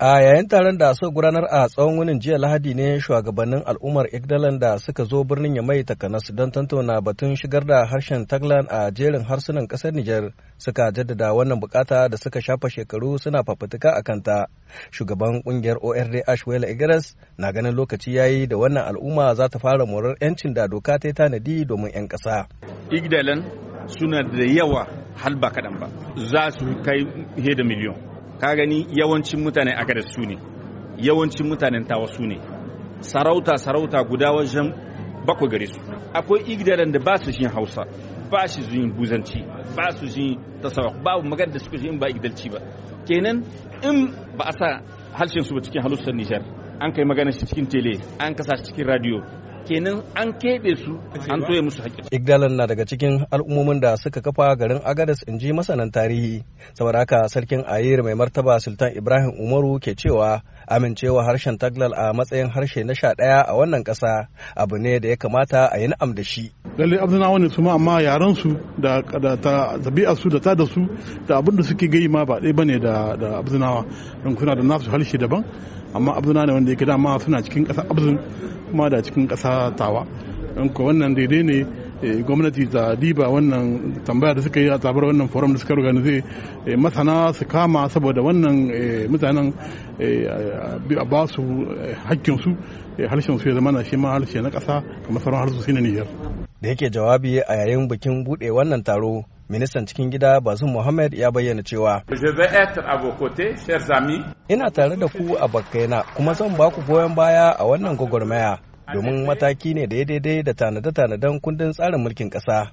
A yayin taron da suka gudanar a tsawon wunin jiya Lahadi ne shugabannin al'ummar Igdalan da suka zo birnin ya mai takanas don tantauna batun shigar da harshen Taglan a jerin harsunan ƙasar Nijar suka jaddada wannan bukata da suka shafa shekaru suna fafutuka a kanta. Shugaban ƙungiyar ORD Ashwela Igres na ganin lokaci ya yi da wannan al'umma za ta fara morar 'yancin da doka ta tanadi domin 'yan ƙasa. Igdalan suna da yawa halba kaɗan ba za su kai da miliyon. ka gani yawancin mutane agadar su ne yawancin mutanen tawa su ne sarauta sarauta guda wajen bakwai gare su akwai igdaran da ba su shi hausa ba su yin buzanci ba su shi tasawuf babu magana da suka shi in ba igdalci ba kenan in ba a sa harshen su ba cikin halustar nijar an kai magana shi cikin tele an kasa shi cikin radio kenan an keɓe su an toye musu haƙƙi. Igdalan na daga cikin al'ummomin da suka kafa garin Agadas in ji masanan tarihi. Saboda haka sarkin Ayir mai martaba Sultan Ibrahim Umaru ke cewa amincewa harshen Taglal a matsayin harshe na sha ɗaya a wannan ƙasa abu ne da ya kamata a yi na'am da shi. Lalle Abdullawa wani su amma yaran su da tabi'a su da ta da su da abin da suke gai ma ba ɗaya bane da Abdullawa don kuna da nasu harshe daban amma abduna ne wanda yake dama suna cikin ƙasa abdun kuma da cikin ƙasa tawa ko wannan daidai ne eh, gwamnati ta diba wannan tambaya da suka yi a tabar wannan forum da suka organize eh, masana su kama saboda wannan eh, mutanen a ba su hakkinsu harshen su ya zama na shi ma harshe na ƙasa kamar sauran su ne Nijar. Da yake jawabi a yayin bikin buɗe wannan taro ministan cikin gida bazum Mohammed ya bayyana cewa ina tare da ku a bakkaina kuma zan ba ku goyon baya a wannan gwagwarmaya domin mataki ne da ya daidai da tanade-tanaden kundin tsarin mulkin ƙasa.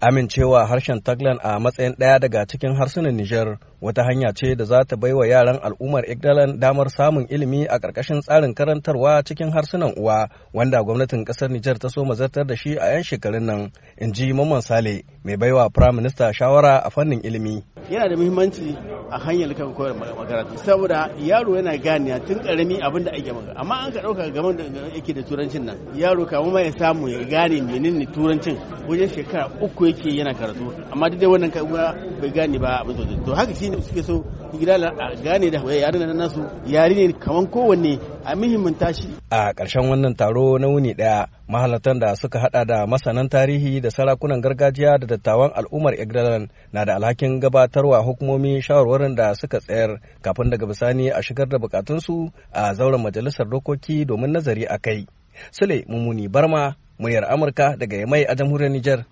Amincewa harshen Taglan a matsayin ɗaya daga cikin harsunan Nijar wata hanya ce da za ta baiwa yaran al'ummar Igdalan damar samun ilimi a ƙarƙashin tsarin karantarwa cikin harsunan uwa wanda gwamnatin ƙasar Nijar ta so mazartar da shi a 'yan shekarun nan, in ji Mamman Sale, mai baiwa firaminista shawara a fannin ilimi. yana da muhimmanci a hanyar kan koyar makarantu saboda yaro yana ganiya tun karami abin da ake maka amma an ka dauka gaban da yake da turancin nan yaro kama ma ya samu ya gane menene turancin wajen shekara uku yake yana karatu amma duk da wannan kuma bai gane ba abin sosai to haka shine suke so gida a gane da yaro na nasu yari ne kaman kowanne a muhimmin shi. A ƙarshen wannan taro na wuni ɗaya mahalartan da suka hada da masanan tarihi da sarakunan gargajiya da dattawan al'ummar Igdalan na da alhakin gabatarwa hukumomi shawarwarin da suka tsayar kafin daga bisani a shigar da bukatunsu a zauren majalisar dokoki domin nazari a kai. Sule Mumuni Barma, muryar Amurka daga Yamai a jamhuriyar Nijar.